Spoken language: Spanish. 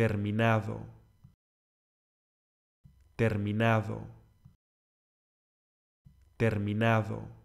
terminado, terminado, terminado.